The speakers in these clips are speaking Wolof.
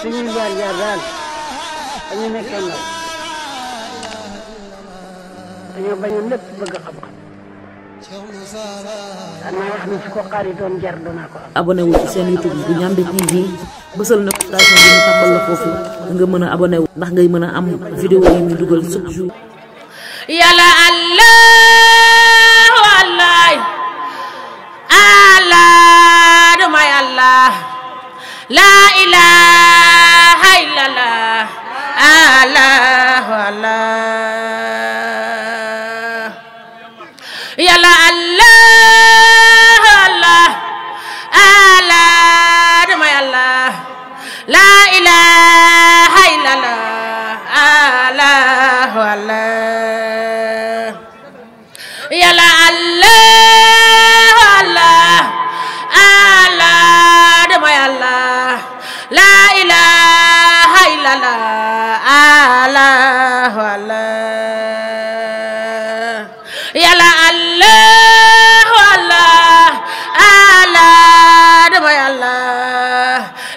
suñuy jaar jaar daal dañu bëgg xam-xam. xanaa ko xaaritoon jar danaa ko seen YouTube bu Ndiamé TV bësal na ko station bi ñu tàmbal foofu nga mën a abonné ndax ngay mën a am vidéo yi ñu dugal chaque yàlla allah wallaay allah damay allah laa ilaa. Allah yàlla Allah yàlla allahu allah allah dama yàlla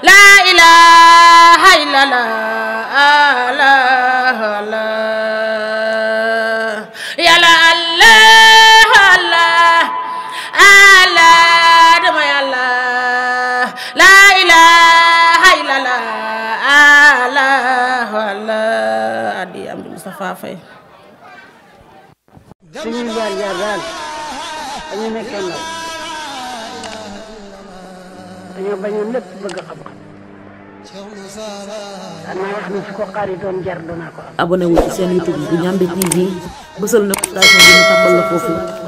la ilaha illallah allah allah yàlla allahu allah allah dama yàlla la ilaha illallah allah allah adi am Moustapha Faye suñuy jaar jaar daal dañu nekkee ndaw dañoo bañoon lépp bëgg xam-xam xanaa wax na su ko xaaritoon jar doonaa ko am. abonné wu seen YouTube bu Ndiamé TV bësal na station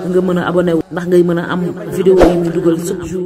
bi ñu mën a abonné wu ndax ngay mën a am